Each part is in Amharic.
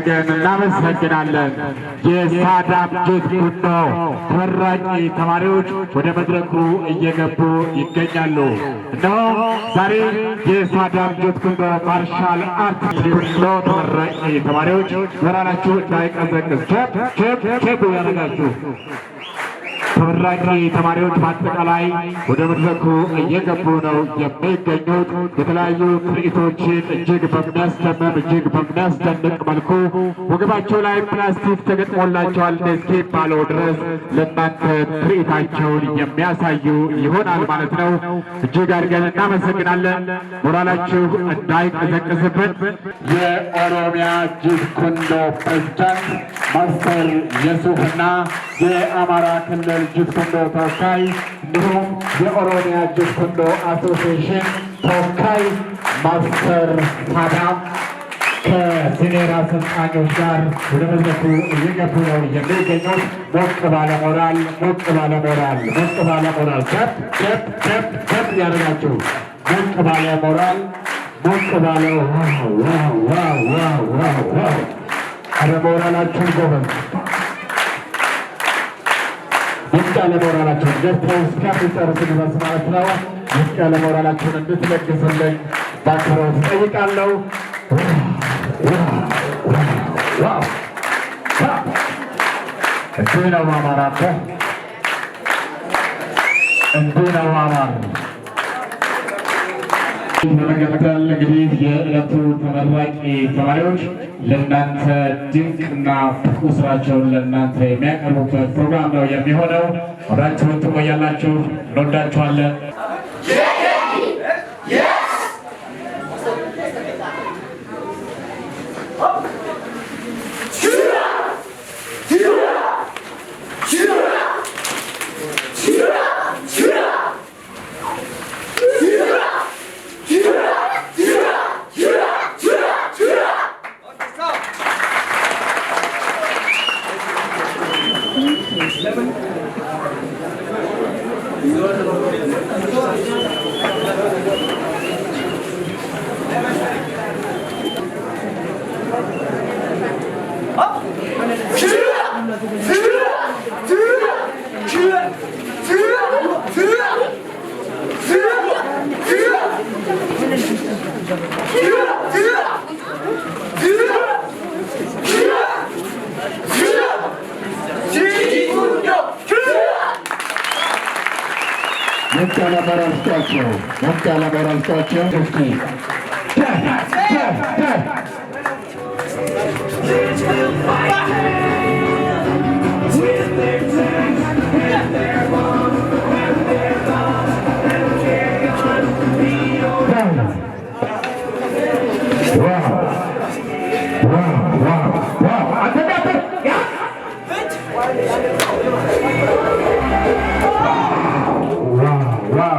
አድርገን እናመሰግናለን። የሳዳም ጀት ቡድኖ ተመራቂ ተማሪዎች ወደ መድረኩ እየገቡ ይገኛሉ። እነሆ ዛሬ የሳዳም ጀት ቡድኖ ማርሻል አርት ቡድኖ ተመራቂ ተማሪዎች ዘራላችሁ እንዳይቀዘቅዝ ቸብ ቸብ ቸብ ያረጋችሁ ተመራቂ ተማሪዎች በአጠቃላይ ወደ መድረኩ እየገቡ ነው የሚገኙት። የተለያዩ ትርኢቶችን እጅግ በሚያስደምም እጅግ በሚያስደንቅ መልኩ ወገባቸው ላይ ፕላስቲክ ተገጥሞላቸዋል። እንደዚህ ባለው ድረስ ለእናንተ ትርኢታቸውን የሚያሳዩ ይሆናል ማለት ነው። እጅግ አድርገን እናመሰግናለን። ሞራላችሁ እንዳይቀዘቅዝብን የኦሮሚያ ጅብ ኮንዶ ፕሬዝዳንት ማስተር የሱፍና የአማራ ክልል ጅግሰንዶ ተወካይ እንዲሁም የኦሮሚያ ጅግሰንዶ አሶሲዬሽን ተወካይ ማስተር ሳዳም ከሲኔራ አሰልጣኞች ጋር ወደ መድረኩ እየገቡ ነው የሚገኙት። ሞቅ ባለ ሞራል ሞቅ ባለ ሞራል ሞቅ ባለ ሞራል ደብ ደብ ደብ ደብ ያደርጋችሁ። ሞቅ ባለ ሞራል ሞቅ ባለ ዋው ዋው ዋው ዋው ዋው! አረ ሞራላችሁን ጎበዝ ዝቅ ያለ ሞራላችሁን ገዝተው ድረስ ማለት ነው። ዝቅ ያለ ሞራላችሁን በአክብሮት እጠይቃለሁ። እንዲህ ነው ማማር፣ እንዲህ ነው ማማር። በመቀጠል እንግዲህ የዕለቱ ተመራቂ ተማሪዎች ለእናንተ ድንቅና ብቁ ስራቸውን ለእናንተ የሚያቀርቡበት ፕሮግራም ነው የሚሆነው። አብራችሁን ትቆያላችሁ። እንወዳችኋለን። Moral Statue. la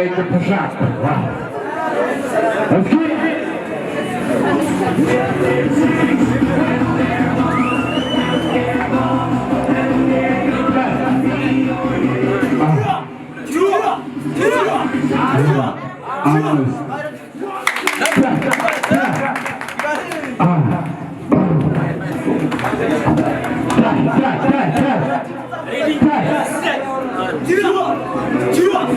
Вставляйте, пожалуйста. Ладно. Окей? Tira! Tira!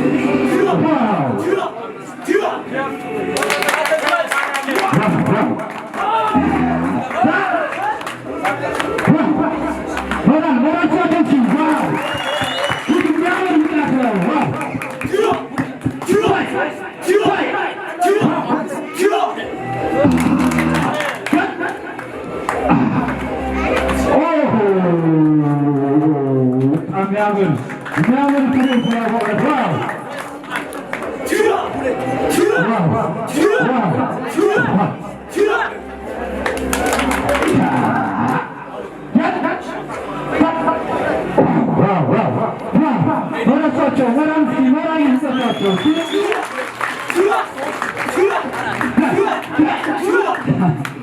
대학을 대학을 필요 보라고 해봐. 들어, 그래, 들어, 들어, 들어, 들어. 뭐라 썼죠? 뭐랑 쓰, 뭐랑 있었죠? 들어, 들어, 들어, 들어, 들어, 들어.